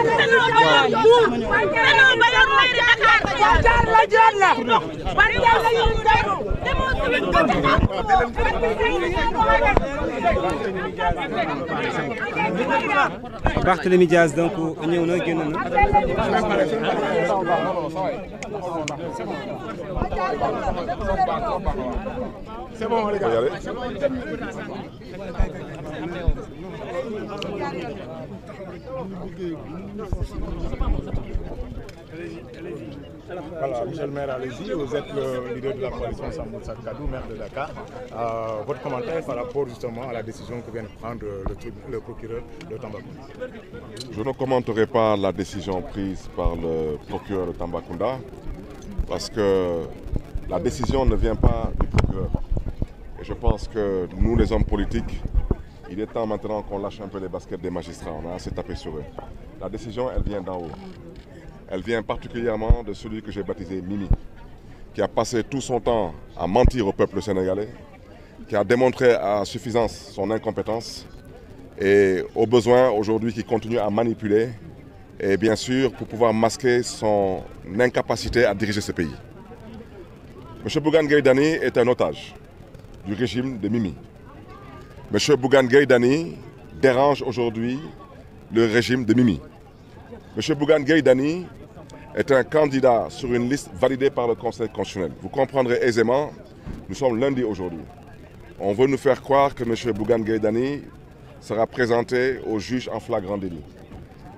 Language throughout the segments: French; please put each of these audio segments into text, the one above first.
Dakar la jël Diaz donc C'est bon, les gars. Voilà, Michel Maire, allez-y. Vous êtes le leader de la coalition Samoussa Kadou, maire de Dakar. Euh, votre commentaire par rapport justement à la décision que vient de prendre le, le procureur de Tambacounda Je ne commenterai pas la décision prise par le procureur de Tambacounda parce que la décision ne vient pas du procureur. Et je pense que nous, les hommes politiques, il est temps maintenant qu'on lâche un peu les baskets des magistrats. On a assez tapé sur eux. La décision, elle vient d'en haut. Elle vient particulièrement de celui que j'ai baptisé Mimi, qui a passé tout son temps à mentir au peuple sénégalais, qui a démontré à suffisance son incompétence et au besoin aujourd'hui qui continue à manipuler et bien sûr pour pouvoir masquer son incapacité à diriger ce pays. M. Bougan Gaïdani est un otage du régime de Mimi. M. Bougan Gaydani dérange aujourd'hui le régime de Mimi. M. Bougan Gaydani est un candidat sur une liste validée par le Conseil constitutionnel. Vous comprendrez aisément, nous sommes lundi aujourd'hui. On veut nous faire croire que M. Bougan Gaydani sera présenté au juge en flagrant délit.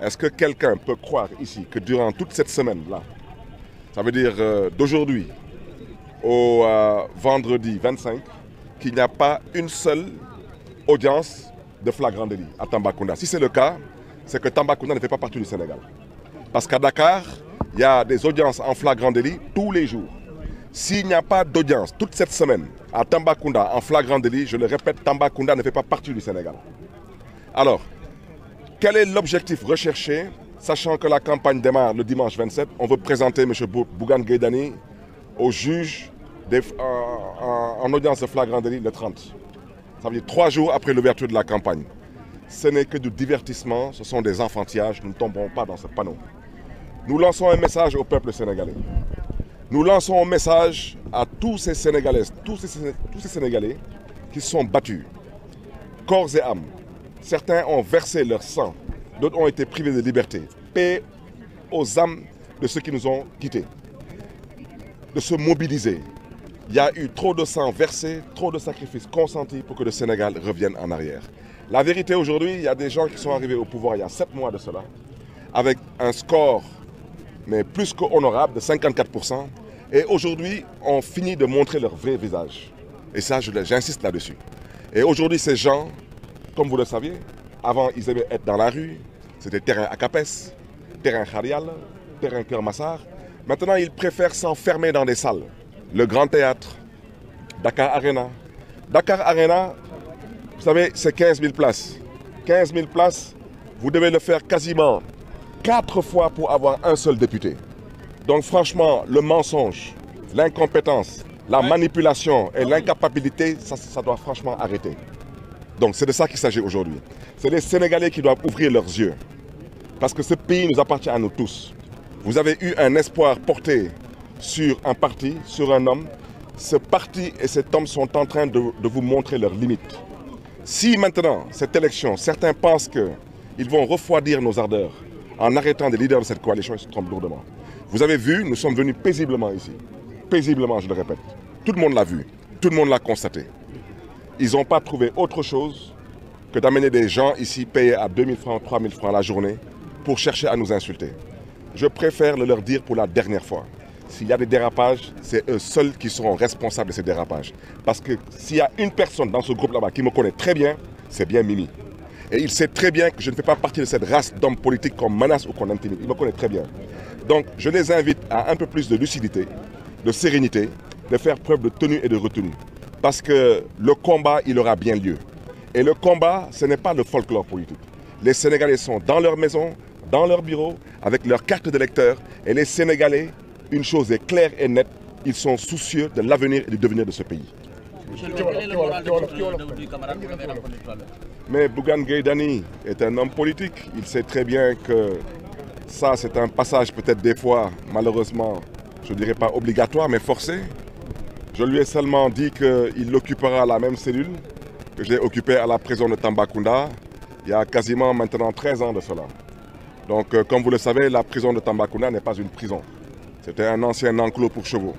Est-ce que quelqu'un peut croire ici que durant toute cette semaine-là, ça veut dire euh, d'aujourd'hui au euh, vendredi 25, qu'il n'y a pas une seule audience de flagrant délit à Tambacounda. Si c'est le cas, c'est que Tambacounda ne fait pas partie du Sénégal. Parce qu'à Dakar, il y a des audiences en flagrant délit tous les jours. S'il n'y a pas d'audience toute cette semaine à Tambacounda en flagrant délit, je le répète, Tambacounda ne fait pas partie du Sénégal. Alors, quel est l'objectif recherché Sachant que la campagne démarre le dimanche 27, on veut présenter M. Bougan Gaidani au juge euh, en audience de flagrant délit le 30. Ça veut dire trois jours après l'ouverture de la campagne. Ce n'est que du divertissement, ce sont des enfantillages, nous ne tomberons pas dans ce panneau. Nous lançons un message au peuple sénégalais. Nous lançons un message à tous ces Sénégalais, tous ces, tous ces Sénégalais qui sont battus, corps et âme. Certains ont versé leur sang, d'autres ont été privés de liberté. Paix aux âmes de ceux qui nous ont quittés. De se mobiliser, il y a eu trop de sang versé, trop de sacrifices consentis pour que le Sénégal revienne en arrière. La vérité aujourd'hui, il y a des gens qui sont arrivés au pouvoir il y a sept mois de cela, avec un score mais plus qu'honorable de 54%. Et aujourd'hui, on finit de montrer leur vrai visage. Et ça, j'insiste là-dessus. Et aujourd'hui, ces gens, comme vous le saviez, avant, ils aimaient être dans la rue. C'était terrain capes, terrain Kharial, terrain Kermassar. Maintenant, ils préfèrent s'enfermer dans des salles le Grand Théâtre, Dakar Arena. Dakar Arena, vous savez, c'est 15 000 places. 15 000 places, vous devez le faire quasiment quatre fois pour avoir un seul député. Donc franchement, le mensonge, l'incompétence, la manipulation et ah l'incapacité, ça, ça doit franchement arrêter. Donc c'est de ça qu'il s'agit aujourd'hui. C'est les Sénégalais qui doivent ouvrir leurs yeux. Parce que ce pays nous appartient à nous tous. Vous avez eu un espoir porté sur un parti, sur un homme, ce parti et cet homme sont en train de, vous montrer leurs limites. Si maintenant, cette élection, certains pensent qu'ils vont refroidir nos ardeurs en arrêtant des leaders de cette coalition, ils se trompent lourdement. Vous avez vu, nous sommes venus paisiblement ici. Paisiblement, je le répète. Tout le monde l'a vu, tout le monde l'a constaté. Ils n'ont pas trouvé autre chose que d'amener des gens ici payés à 2000 francs, 3000 francs la journée pour chercher à nous insulter. Je préfère le leur dire pour la dernière fois s'il y a des dérapages, c'est eux seuls qui seront responsables de ces dérapages. Parce que s'il y a une personne dans ce groupe là-bas qui me connaît très bien, c'est bien Mimi. Et il sait très bien que je ne fais pas partie de cette race d'hommes politiques qu'on menace ou qu'on intimide. Il me connaît très bien. Donc je les invite à un peu plus de lucidité, de sérénité, de faire preuve de tenue et de retenue. Parce que le combat, il aura bien lieu. Et le combat, ce n'est pas le folklore politique. Les Sénégalais sont dans leur maison, dans leur bureau, avec leur carte d'électeur. Et les Sénégalais une chose est claire et nette, ils sont soucieux de l'avenir et du devenir de ce pays. Mais Bougan Gaydani est un homme politique. Il sait très bien que ça, c'est un passage peut-être des fois, malheureusement, je ne dirais pas obligatoire, mais forcé. Je lui ai seulement dit qu'il occupera la même cellule que j'ai occupée à la prison de Tambacounda il y a quasiment maintenant 13 ans de cela. Donc, euh, comme vous le savez, la prison de Tambacounda n'est pas une prison. C'était un ancien enclos pour chevaux.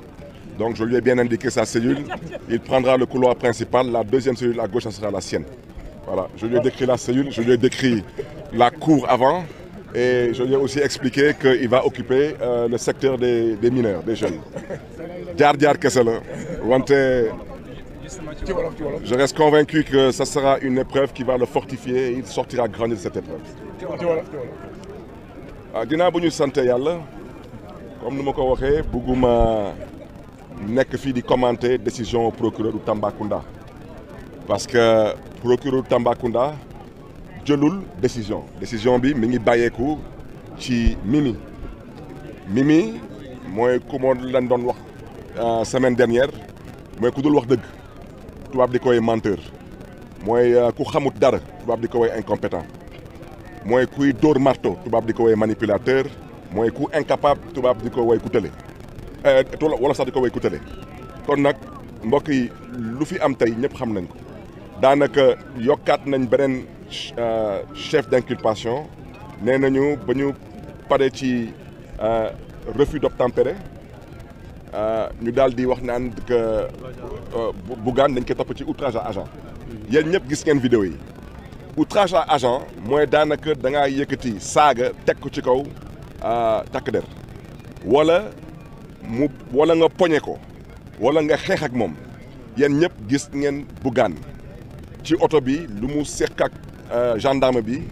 Donc je lui ai bien indiqué sa cellule. Il prendra le couloir principal. La deuxième cellule à gauche, sera la sienne. Voilà, je lui ai décrit la cellule, je lui ai décrit la cour avant. Et je lui ai aussi expliqué qu'il va occuper euh, le secteur des, mineurs, des jeunes. Je reste convaincu que ça sera une épreuve qui va le fortifier il sortira grandi de cette épreuve. Ah, comme ni ma dit, je bëgguma nekk fii di commenter décision procureur du Tambacounda parce que le procureur du Tambacounda jëlul décision décision bi mi ngi ci Mimi Mimi moi comment ma l'ai dit wax euh, semaine dernière mooy ku dul wax dëgg tubaab di koy menteur mooy euh, ku xamut dara tubaab di ko woy incompétent mooy kuy un marteau tubaab di ko est manipulateur moy ku incapable tubaab di ko way ku tële eh, wala sax di ko way ku kon nak mbok yi lu fi am tay ñep xam nañ ko daanaka yokkat nañ beneen euh, chef d'inculpation nee nañu ba ñu pare euh, refus d'obtempérer euh, ñu daldi wax naan que gan dañ ko top ci outrage à agent yeen ñep gis ngeen vidéo yi outrage à agent mooy daanaka da nga yëkëti saga teg ko ci kaw Takeder, wala mu wala nga pogné ko wala nga ak mom ñep gis ci bi lu mu ak euh, gendarme bi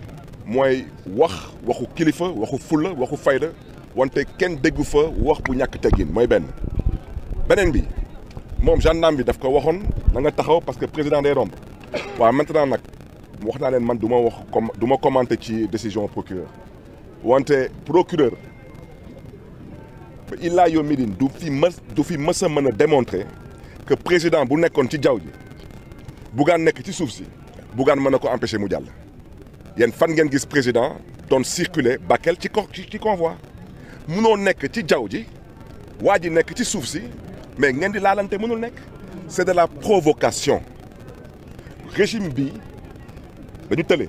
moy wax waxu kilifa waxu fulla waxu fayda wante kenn déggu fa wax bu ñak moy ben bi mom gendarme bi daf nga taxaw parce que président des romb wa maintenant nak wax naa man duma wax commenter décision procureur wante procureur il a yomidine du fi mas du fi massa a démontrer que président bu nekkon ci jawji bu gan nekk ci soufsi bu gan manako empêcher mu dial yéen fan ngeen gis président don circuler Bakel ci ci convoi munoo nekk ci jawji ji waa nekk ci soufsi mais ngeen di laalante mënul nekk c'est de la provocation régime bi dañu télé.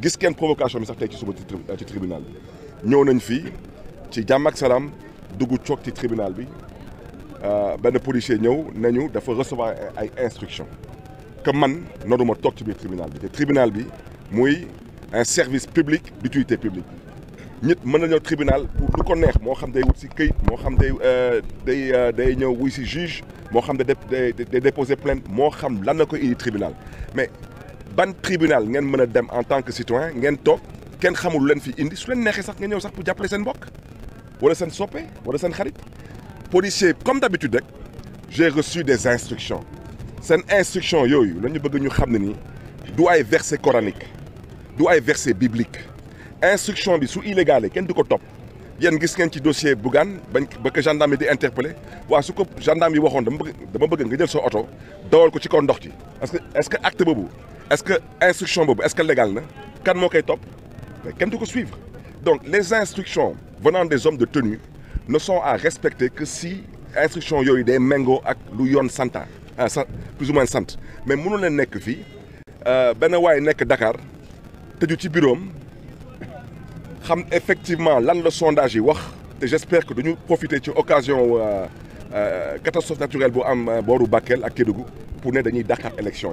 gis ngeen provocation bi sax tey ci suba euh, ci tribunal bi ñëw nañ fii ci jàmm ak salaam dugg coog ci tribunal bi euh, benn policier ñëw nañu dafa recevoir ay instruction que man noruma toog ci biir tribunal bi te tribunal bi muy un service public d'utilité publique nit mën na ñëw tribunal pour lu ko neex moo xam day wut si këyit moo xam day euh, day day ñëw wuy si juge moo xam day déposer plainte moo xam lan na ko indi tribunal mais ban tribunal ngeen en tant que citoyen ngeen vous ken xamul len fi indi su sax sax pour wala wala policier comme d'habitude j'ai reçu des instructions instructions, instruction yooyu que bëgg ñu xam ni du ay verset coranique du ay verset biblique instruction bi su du top dossier ba que gendarme di interpellé wa su ko gendarme yi dama bëgg dama bëgg nga jël dawal ko ci est-ce que acte est-ce que l'instruction est-ce que légal légale? top. suivre donc les instructions venant des hommes de tenue ne sont à respecter que si instruction instructions ah, plus ou moins mais nous euh, Dakar bureau effectivement le le sondage et j'espère que nous profiter ci occasion euh, euh, catastrophe naturelle bu am Bakel pour nous élection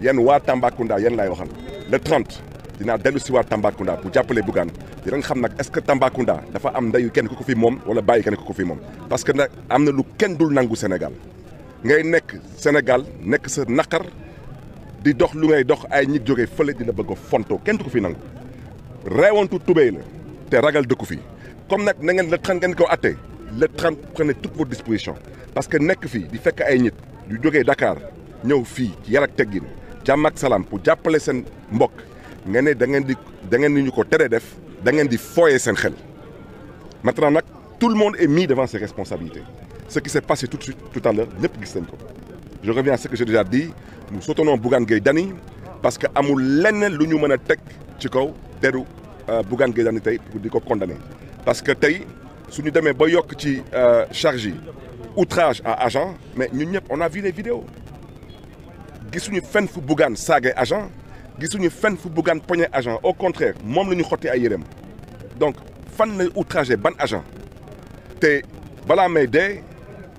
yen war tambakunda yen lay waxal le 30 dina dellu ci war tambakunda bu jappelé Bougane di nga xam nak est-ce que tambakunda dafa am ndeyu kenn ku fi mom wala baye kenn ku fi mom parce que nak amna lu kenn dul nangou Sénégal ngay nekk Sénégal nekk sa nakar di dox lu ngay dox ay nit jogé feulé dina bëgg a kenn du ko fi nangou reewantu toubé la té ragal dëkku fi comme nak na ngeen le 30 ngeen ko atté le 30 prenez toutes vos dispositions parce que nekk fi di fekk ay nit du jogé Dakar ñew fi ci yar ak jàmm Salam, pour jàppale sen mbok nga ne da ngeen di da ngeen niñu ko téré def da ngeen di sen xel maintenant nak tout le monde est mis devant ses responsabilités ce qui s'est passé tout de suite tout à l'heure ñëpp gis ko je reviens à ce que j'ai déjà dit nous soutenons Bougane Gueye Dany parce que amul lenn lu ñu mën a ci kaw déru euh, Bougane Gueye Dany tay pour di condamner parce que tay suñu ñu ba yok ci euh, charge outrage à agent mais ñun ñep on a vu les vidéos gisuñu fenn fu Bougane saagay agent gisuñu fenn fu Bougane poñe agent au contraire mom lañu ñu ay yéreem donc fan lay outragé ban agent Té bala may dé.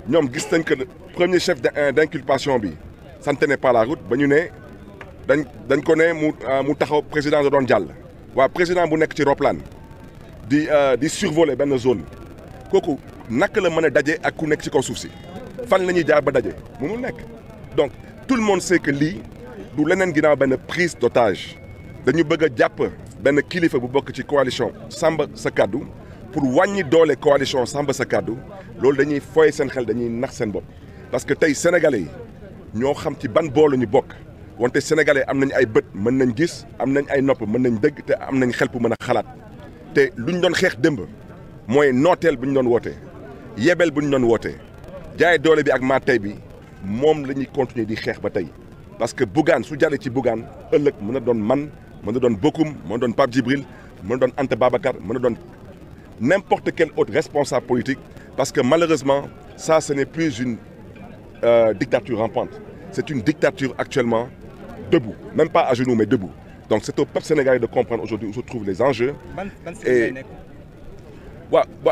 ñom gis nañ que premier chef euh, d'inculpation bi ça ne tenait pas la route ba ñu ne dañ dañ ko né mu euh, mu taxaw président de doon dial wa président bu nekk ci roplaan di euh, di survoler ben zone koku nak la mëna dajé ak ku nekk ci ko suuf si fan lañu jaar ba dajé mënul donc tout le monde sait que li du lenen ginnaaw benn prise d'otage dañu bëgg japp ben kilifa bu bok ci coalition samba Sa Kàddu pour wàññi doole coalition samba Sa Kàddu lolou dañuy foye sen xel dañuy nax sen bop parce que tay sénégalais ño xam ci ban bo la ñu bokk wante sénégalais am nañ ay bët mën nañ gis am nañ ay nopp mën nañ dëgg te am nañ xel pour mëna xalat xalaat te lu ñu doon xeex démb mooy nooteel bu ñu doon wootee yebeel bu doon wootee jaay doole bi ak ma tay bi mom lañu à continuer di bataille. ba tay parce que Bougane su jàllee ci Bougane donne mën don man je donne bokum Bokoum don Pape Djibril je donne Antebabakar, je Babacar n'importe quel autre responsable politique parce que malheureusement ça ce n'est plus une euh, dictature rampante c'est une dictature actuellement debout même pas à genoux mais debout donc c'est au peuple sénégalais de comprendre aujourd'hui où se trouvent les enjeux et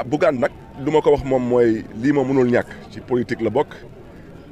Bougane ko wax que moy li ma mënul ñak ci politique le bokk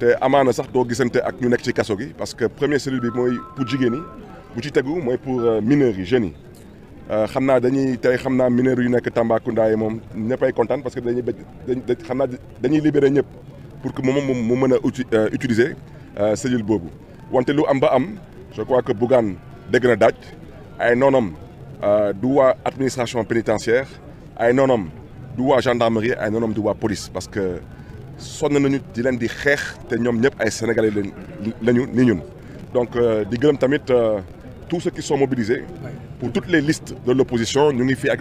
té amana sax do gisenté ak ñu nek ci kasso gi parce que premier cellule bi moy pour jigéni bu ci téggu moy pour euh, minerie yi jeunes yi euh, xam naa dañuy tey xamna naa yu nek Tambacounda yi mom ñëppay kontaan parce que dañuy dañ xam dañuy libérer ñëpp pour que mom mu mën euh, utiliser euh cellule bobu wanté lu am ba am je crois que Bougane dégg na daaj ay noonam du waa administration pénitentiaire ay nonom du gendarmerie ay nonom du police parce que sonn nañu di leen di xeex te ñoom ñëpp ay sénégalais lañ lañu ni ñun donc euh, di gërëm tamit euh, tous ceux qui sont mobilisés pour toutes les listes de l'opposition ñu ngi fii ak